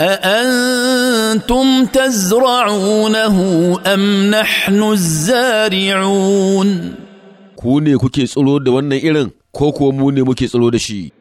أأنتم تزرعونه أم نحن الزارعون ku ne kuke tsiro da wannan irin ko kuwa mu ne muke tsiro da shi